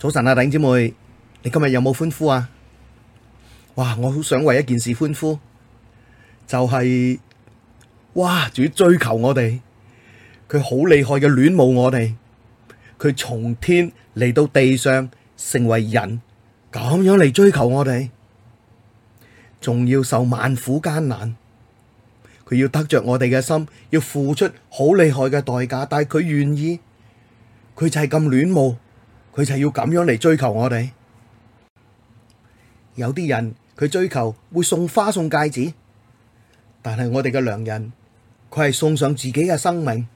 早晨啊，弟兄姊妹，你今日有冇歡呼啊？哇，我好想為一件事歡呼，就係、是、哇，主追求我哋，佢好厲害嘅戀慕我哋，佢從天嚟到地上成為人，咁樣嚟追求我哋，仲要受萬苦艱難，佢要得着我哋嘅心，要付出好厲害嘅代價，但係佢願意，佢就係咁戀慕。佢就要咁樣嚟追求我哋，有啲人佢追求會送花送戒指，但係我哋嘅良人，佢係送上自己嘅生命，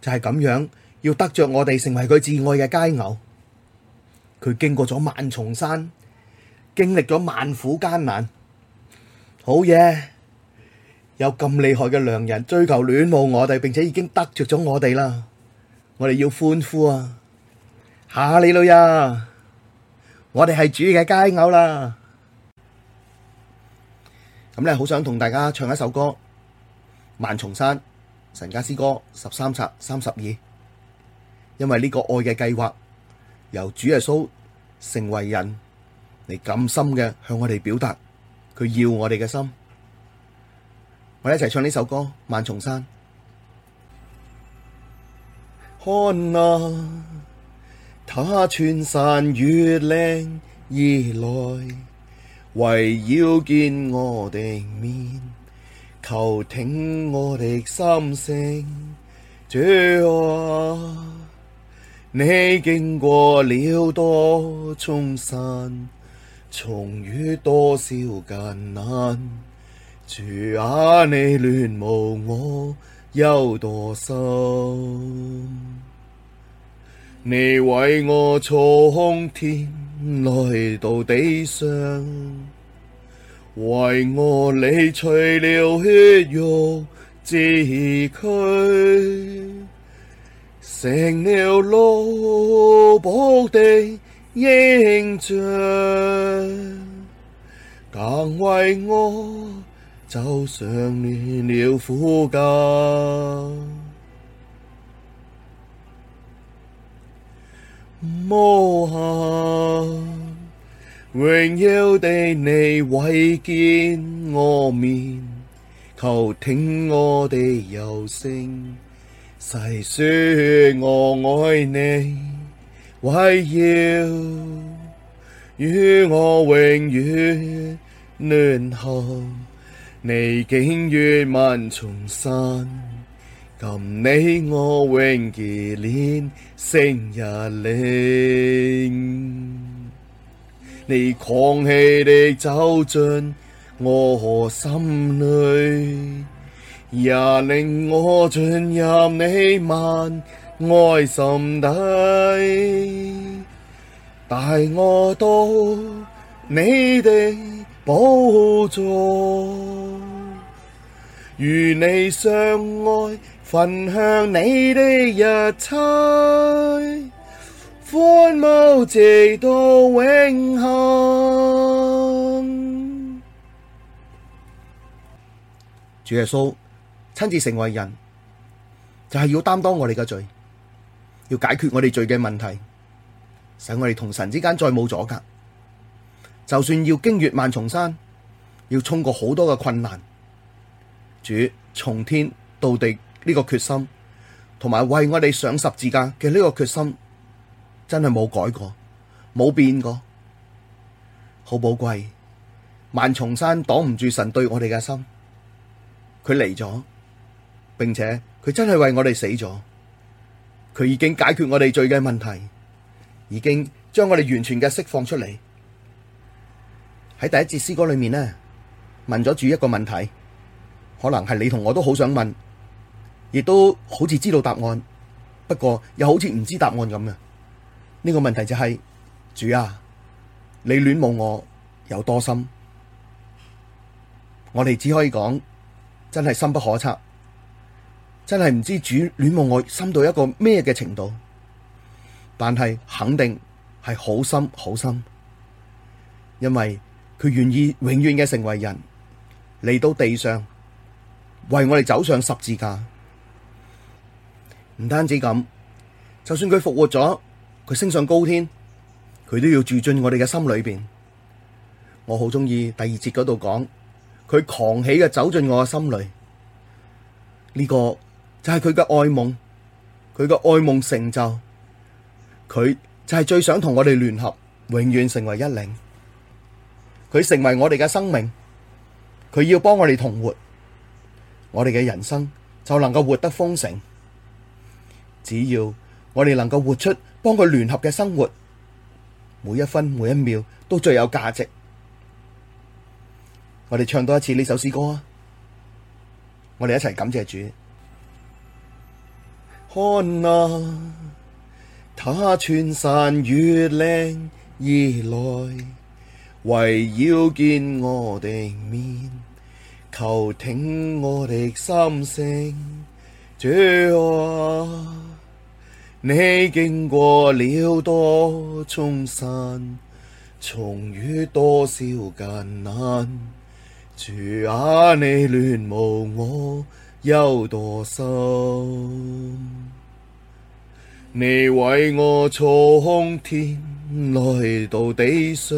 就係咁樣要得着我哋，成為佢至愛嘅佳偶。佢經過咗萬重山，經歷咗萬苦艱難，好嘢！有咁厲害嘅良人追求戀慕我哋，並且已經得着咗我哋啦，我哋要歡呼啊！吓你女呀！我哋係主嘅佳偶啦。咁咧，好想同大家唱一首歌《萬重山》，神家詩歌十三冊三十二。因為呢個愛嘅計劃，由主耶穌成為人嚟咁深嘅向我哋表達，佢要我哋嘅心。我哋一齊唱呢首歌《萬重山》。看啊！他躥山越嶺而來，為要見我的面，求聽我的心聲。主啊！你經過了多重山，衝越多少艱難，主啊，你戀慕我有多深？你為我從天來到地上，為我，祢取了血肉之軀，成了奴僕的形像，更為我走上了苦架。無限榮耀的，你為見我面，求聽我的柔聲，細說我愛你，為要與我永遠聯合，你經越萬重山。今你我永結連成一靈，你狂喜地走進我心裡，也領我進入你萬愛心底，帶我到你的寶座。與你相愛，分享你的一切，歡舞直到永恆。主耶穌親自成為人，就係、是、要擔當我哋嘅罪，要解決我哋罪嘅問題，使我哋同神之間再冇阻隔。就算要經越萬重山，要衝過好多嘅困難。主從天到地呢個決心，同埋為我哋上十字架嘅呢個決心，真係冇改過，冇變過，好寶貴。萬重山擋唔住神對我哋嘅心，佢嚟咗，並且佢真係為我哋死咗，佢已經解決我哋罪嘅問題，已經將我哋完全嘅釋放出嚟。喺第一節詩歌裏面呢，問咗主一個問題。可能係你同我都好想問，亦都好似知道答案，不過又好似唔知答案咁嘅。呢個問題就係：主啊，你戀慕我有多深？我哋只可以講，真係深不可測，真係唔知主戀慕我深到一個咩嘅程度。但係肯定係好深好深，因為佢願意永遠嘅成為人嚟到地上。為我哋走上十字架，唔單止咁，就算佢復活咗，佢升上高天，佢都要住進我哋嘅心裏面。我好中意第二節嗰度講，佢狂喜嘅走進我嘅心裏，呢個就係佢嘅愛夢，佢嘅愛夢成就，佢就係最想同我哋聯合，永遠成為一靈。佢成為我哋嘅生命，佢要幫我哋同活。我哋嘅人生就能夠活得豐盛，只要我哋能夠活出幫佢聯合嘅生活，每一分每一秒都最有價值。我哋唱多一次呢首詩歌啊！我哋一齊感謝主，看啊，他躥山越嶺而來，為要見我哋面，求聽我的心聲，主啊，你經過了多少重山，衝越多少艱難，主啊，你戀慕我有多深，你為我從天來到地上。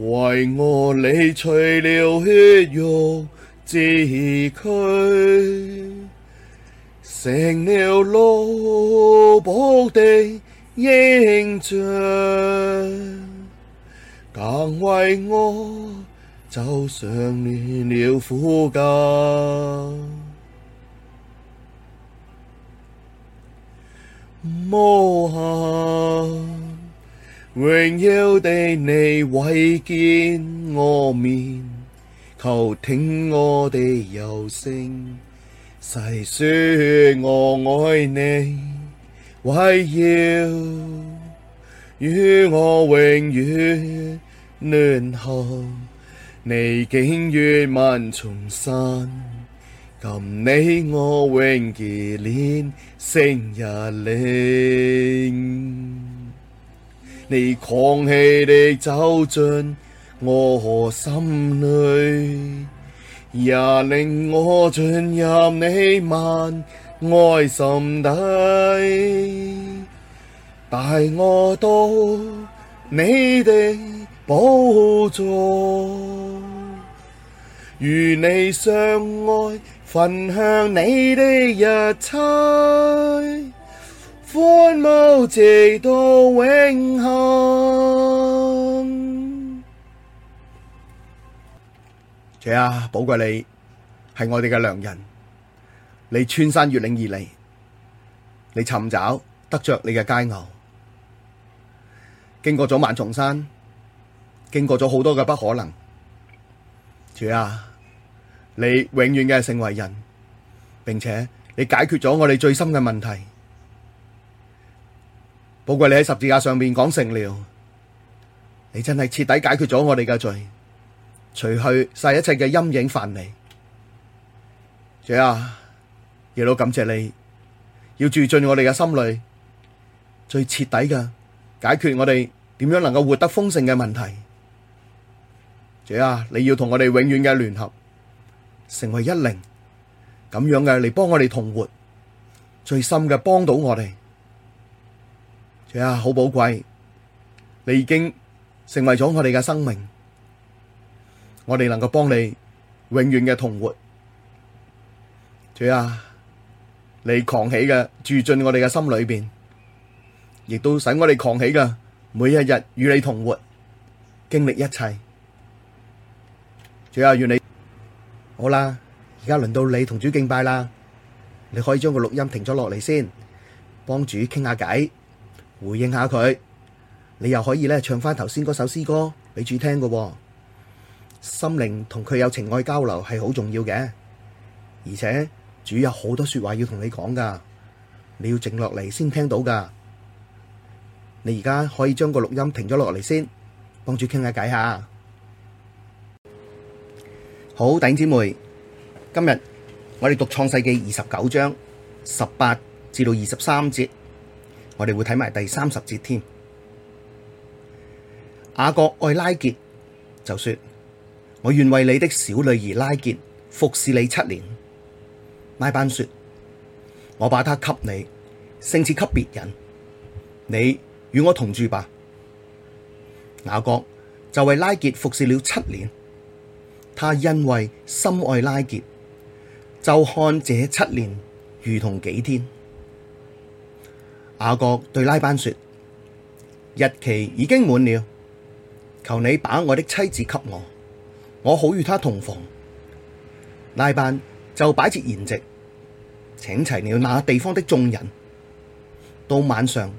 為我理取了血肉之軀，成了奴僕的形像，更為我走上煉了苦架，榮耀地你為見我面，求聽我地柔聲細說我愛你，為要與我永遠聯合。你經越萬重山，今你我永結連成一靈。你狂喜地走進我心裡，也令我進入你萬愛心底。帶我到你的寶座，與你相愛，分享你的一切。歡舞直到永恆，主啊，寶貴你係我哋嘅良人，你穿山越嶺而嚟，你尋找得着你嘅佳偶，經過咗萬重山，經過咗好多嘅不可能，主啊，你永遠嘅成為人，並且你解決咗我哋最深嘅問題。寶貴你喺十字架上面講成了，你真係徹底解決咗我哋嘅罪，除去晒一切嘅陰影範圍。主啊，亦都感謝你，要住進我哋嘅心裡，最徹底嘅解決我哋點樣能夠活得豐盛嘅問題。主啊，你要同我哋永遠嘅聯合，成為一靈，咁樣嘅嚟幫我哋同活最深嘅幫到我哋。主啊，好寶貴，你已經成為咗我哋嘅生命，我哋能夠幫你永遠嘅同活。主啊，你狂喜嘅住進我哋嘅心裏邊，亦都使我哋狂喜嘅每一日與你同活，經歷一切。主啊，願你好啦，而家輪到你同主敬拜啦，你可以將個錄音停咗落嚟先，幫主傾下偈。回應下佢，你又可以咧唱翻頭先嗰首詩歌俾主聽噶喎。心靈同佢有情愛交流係好重要嘅，而且主有好多說話要同你講噶，你要靜落嚟先聽到噶。你而家可以將個錄音停咗落嚟先，幫主傾下偈下。好，弟兄姊妹，今日我哋讀創世記二十九章十八至到二十三節。我哋會睇埋第三十節添。雅各愛拉結就說：我願為你的小女兒拉結服侍你七年。拉班說：我把他給你，勝似給別人。你與我同住吧。雅各就為拉結服侍了七年。他因為深愛拉結，就看這七年如同幾天。雅各對拉班說：日期已經滿了，求你把我的妻子給我，我好與她同房。拉班就擺設筵席，請齊了那地方的眾人。到晚上，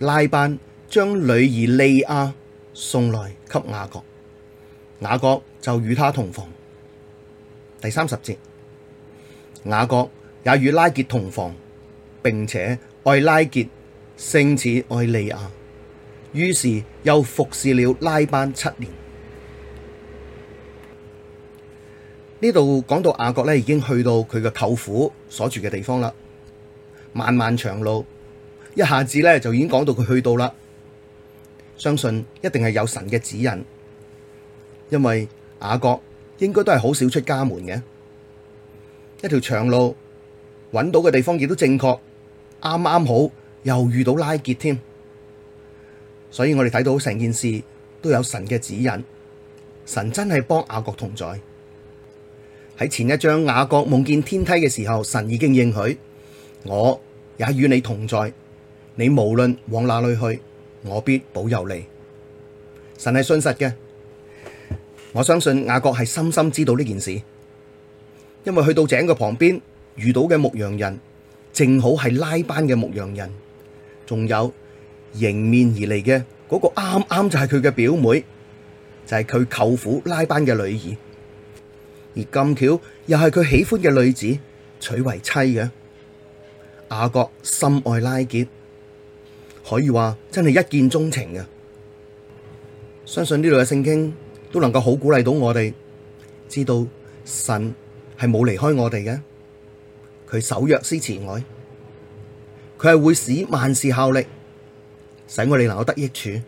拉班將女兒利亞送來給雅各，雅各就與她同房。第三十節，雅各也與拉結同房，並且。愛拉結勝似愛利亞，於是又服侍了拉班七年。呢度講到雅各呢，已經去到佢嘅舅父所住嘅地方啦。漫漫長路，一下子呢就已經講到佢去到啦。相信一定係有神嘅指引，因為雅各應該都係好少出家門嘅一條長路，揾到嘅地方亦都正確。啱啱好又遇到拉結添，所以我哋睇到成件事都有神嘅指引，神真係幫雅各同在。喺前一章雅各夢見天梯嘅時候，神已經應許，我也與你同在，你無論往哪裡去，我必保佑你。神係信實嘅，我相信雅各係深深知道呢件事，因為去到井嘅旁邊遇到嘅牧羊人。正好係拉班嘅牧羊人，仲有迎面而嚟嘅嗰個啱啱就係佢嘅表妹，就係、是、佢舅父拉班嘅女兒，而咁巧又係佢喜歡嘅女子娶為妻嘅雅各深愛拉結，可以話真係一見鍾情嘅。相信呢度嘅聖經都能夠好鼓勵到我哋，知道神係冇離開我哋嘅。佢守約施慈愛，佢係會使萬事效力，使我哋能夠得益處。弟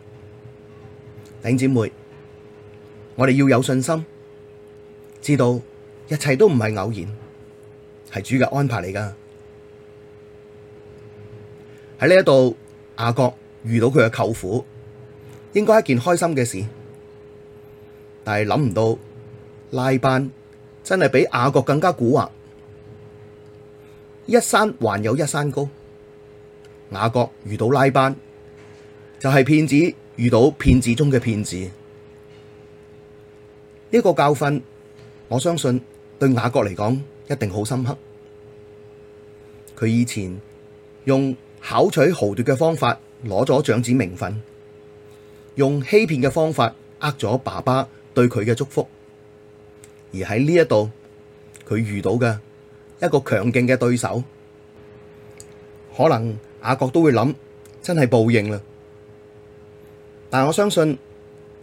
兄姊妹，我哋要有信心，知道一切都唔係偶然，係主嘅安排嚟噶。喺呢一度，雅各遇到佢嘅舅父，應該係一件開心嘅事，但係諗唔到拉班真係比雅各更加蠱惑。一山還有一山高，雅各遇到拉班，就係騙子遇到騙子中嘅騙子。呢個教訓，我相信對雅各嚟講一定好深刻。佢以前用巧取豪奪嘅方法攞咗長子名分，用欺騙嘅方法呃咗爸爸對佢嘅祝福，而喺呢一度，佢遇到嘅。一個強勁嘅對手，可能雅各都會諗真係報應啦。但我相信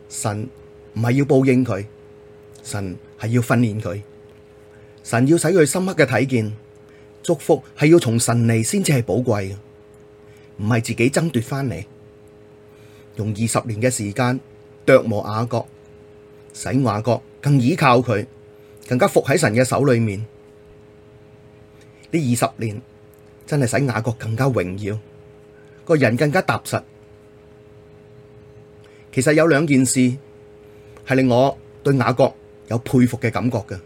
神唔係要報應佢，神係要訓練佢，神要使佢深刻嘅體見，祝福係要從神嚟先至係寶貴，唔係自己爭奪翻嚟。用二十年嘅時間琢磨雅各，使雅各更倚靠佢，更加伏喺神嘅手裏面。呢二十年真係使雅各更加榮耀，個人更加踏實。其實有兩件事係令我對雅各有佩服嘅感覺嘅。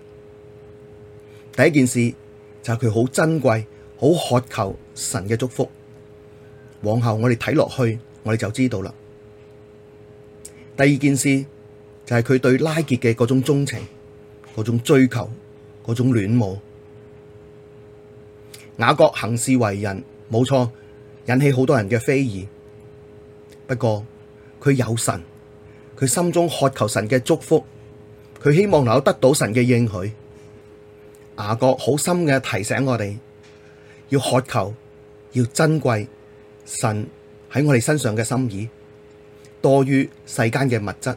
第一件事就係佢好珍貴、好渴求神嘅祝福。往後我哋睇落去，我哋就知道啦。第二件事就係佢對拉結嘅嗰種鍾情、嗰種追求、嗰種戀慕。雅各行事為人冇錯，引起好多人嘅非議。不過佢有神，佢心中渴求神嘅祝福，佢希望能夠得到神嘅應許。雅各好深嘅提醒我哋，要渴求，要珍貴神喺我哋身上嘅心意，多於世間嘅物質。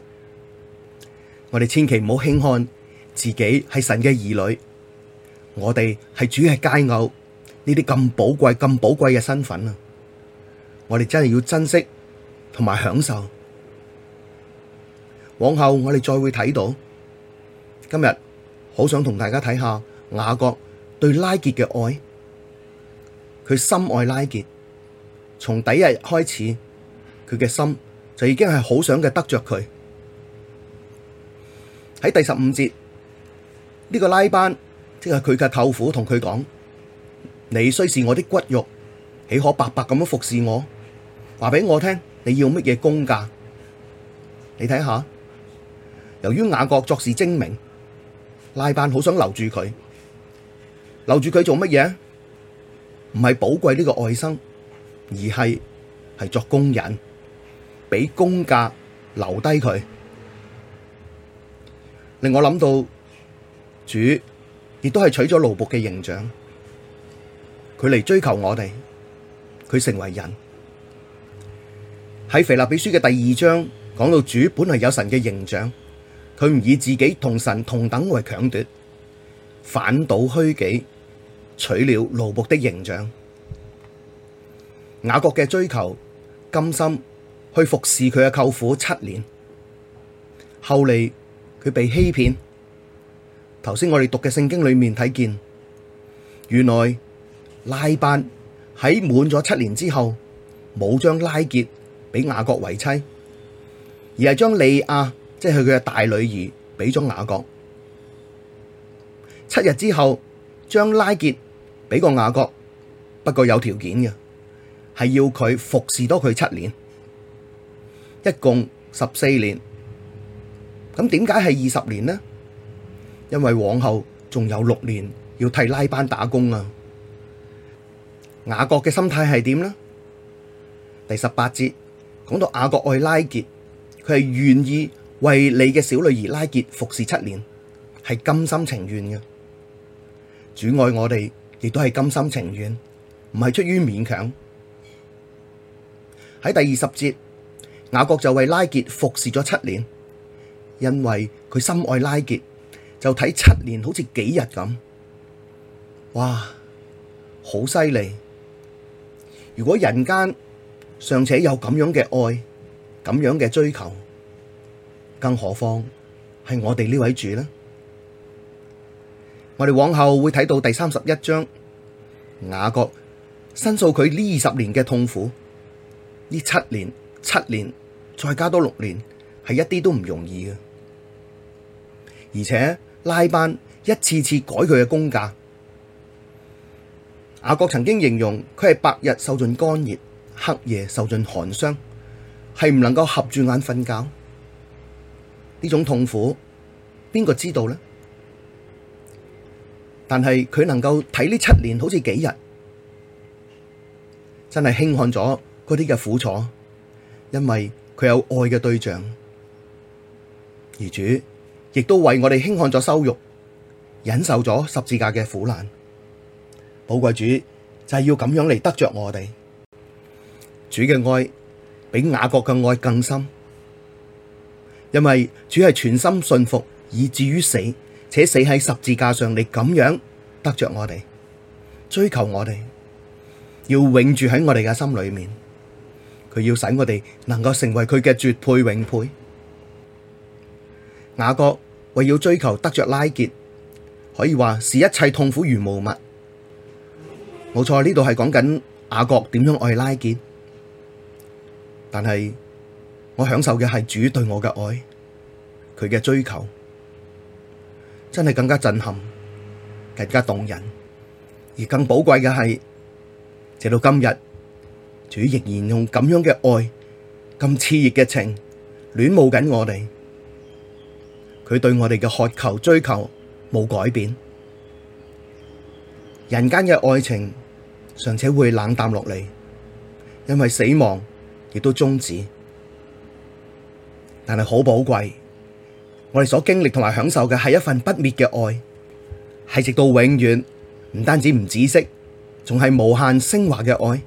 我哋千祈唔好輕看自己係神嘅兒女，我哋係主嘅佳偶。呢啲咁寶貴、咁寶貴嘅身份啊！我哋真係要珍惜同埋享受。往後我哋再會睇到，今日好想同大家睇下雅各對拉結嘅愛，佢深愛拉結，從第一日開始佢嘅心就已經係好想嘅得著佢。喺第十五節呢個拉班即係佢嘅舅父同佢講。你雖是我的骨肉，豈可白白咁樣服侍我？話俾我聽，你要乜嘢工價？你睇下，由於雅各作事精明，拉班好想留住佢，留住佢做乜嘢？唔係寶貴呢個外甥，而係係作工人，俾工價留低佢，令我諗到主亦都係取咗奴僕嘅形象。佢嚟追求我哋，佢成為人。喺腓立比書嘅第二章講到主本來有神嘅形象，佢唔以自己同神同等為強奪，反倒虛己取了奴僕的形象。雅各嘅追求甘心去服侍佢嘅舅父七年，後嚟佢被欺騙。頭先我哋讀嘅聖經裏面睇見，原來，拉班喺滿咗七年之後，冇將拉結俾雅各為妻，而係將利亞，即係佢嘅大女兒，俾咗雅各。七日之後，將拉結俾個雅各，不過有條件嘅，係要佢服侍多佢七年，一共十四年。咁點解係二十年呢？因為往後仲有六年要替拉班打工啊！雅各嘅心態係點呢？第十八節講到雅各愛拉結，佢係願意為你嘅小女兒拉結服侍七年，係甘心情願嘅。主愛我哋亦都係甘心情願，唔係出於勉強。喺第二十節，雅各就為拉結服侍咗七年，因為佢深愛拉結，就睇七年好似幾日咁。哇，好犀利！如果人間尚且有咁樣嘅愛，咁樣嘅追求，更何況係我哋呢位主呢？我哋往後會睇到第三十一章雅各申訴佢呢二十年嘅痛苦，呢七年、七年再加多六年，係一啲都唔容易嘅，而且拉班一次次改佢嘅工價。雅各曾經形容佢係白日受盡乾熱，黑夜受盡寒霜，係唔能夠合住眼瞓覺。呢種痛苦，邊個知道呢？但係佢能夠睇呢七年好似幾日，真係輕看咗嗰啲嘅苦楚，因為佢有愛嘅對象，而主亦都為我哋輕看咗羞辱，忍受咗十字架嘅苦難。好貴主就係、是、要咁樣嚟得着我哋，主嘅愛比雅各嘅愛更深，因為主係全心信服以至於死，且死喺十字架上，嚟咁樣得着我哋，追求我哋，要永住喺我哋嘅心裏面。佢要使我哋能夠成為佢嘅絕配永配。雅各為要追求得着拉結，可以話是一切痛苦如無物。冇錯，呢度係講緊雅各點樣愛拉結，但係我享受嘅係主對我嘅愛，佢嘅追求真係更加震撼，更加動人，而更寶貴嘅係，直到今日，主仍然用咁樣嘅愛，咁熾熱嘅情，戀慕緊我哋，佢對我哋嘅渴求追求冇改變。人間嘅愛情尚且會冷淡落嚟，因為死亡亦都終止。但係好寶貴，我哋所經歷同埋享受嘅係一份不滅嘅愛，係直到永遠。唔單止唔止息，仲係無限升華嘅愛。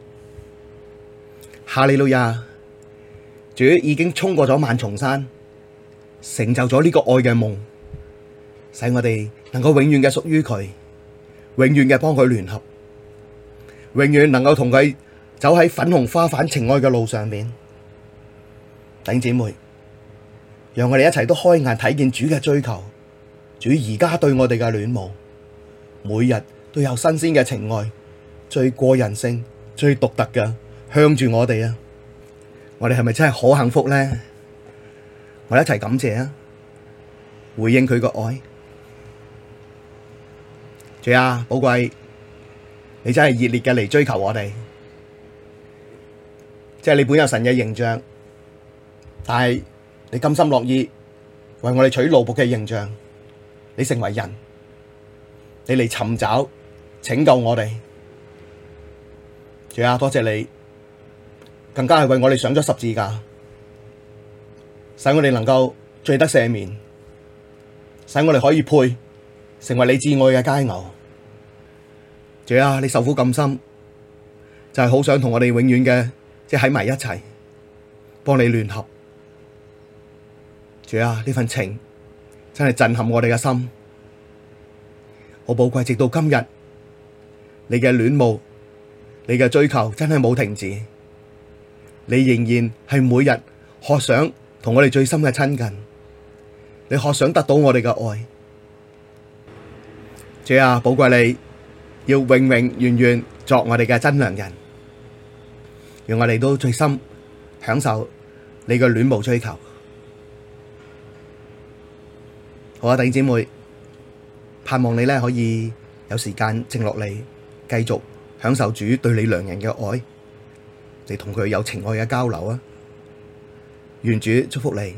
哈利路亞！主已經衝過咗萬重山，成就咗呢個愛嘅夢，使我哋能夠永遠嘅屬於佢。永遠嘅幫佢聯合，永遠能夠同佢走喺粉紅花瓣情愛嘅路上面，頂姐妹，讓我哋一齊都開眼睇見主嘅追求，主而家對我哋嘅戀慕，每日都有新鮮嘅情愛，最過人性、最獨特嘅向住我哋啊！我哋係咪真係好幸福咧？我哋一齊感謝啊！回應佢個愛。主啊，寶貴，你真係熱烈嘅嚟追求我哋，即係你本有神嘅形象，但係你甘心樂意為我哋取奴僕嘅形象，你成為人，你嚟尋找拯救我哋。主啊，多謝你，更加係為我哋上咗十字架，使我哋能夠罪得赦免，使我哋可以配成為你至愛嘅佳偶。主啊，你受苦咁深，就係、是、好想同我哋永遠嘅，即係喺埋一齊，幫你聯合。主啊，呢份情真係震撼我哋嘅心，好寶貴。直到今日，你嘅戀慕，你嘅追求，真係冇停止。你仍然係每日渴想同我哋最深嘅親近，你渴想得到我哋嘅愛。主啊，寶貴你。要永永遠遠作我哋嘅真良人，讓我哋都最深享受你嘅戀慕追求。好啊，弟兄姊妹，盼望你咧可以有時間靜落嚟，繼續享受主對你良人嘅愛，你同佢有情愛嘅交流啊！願主祝福你。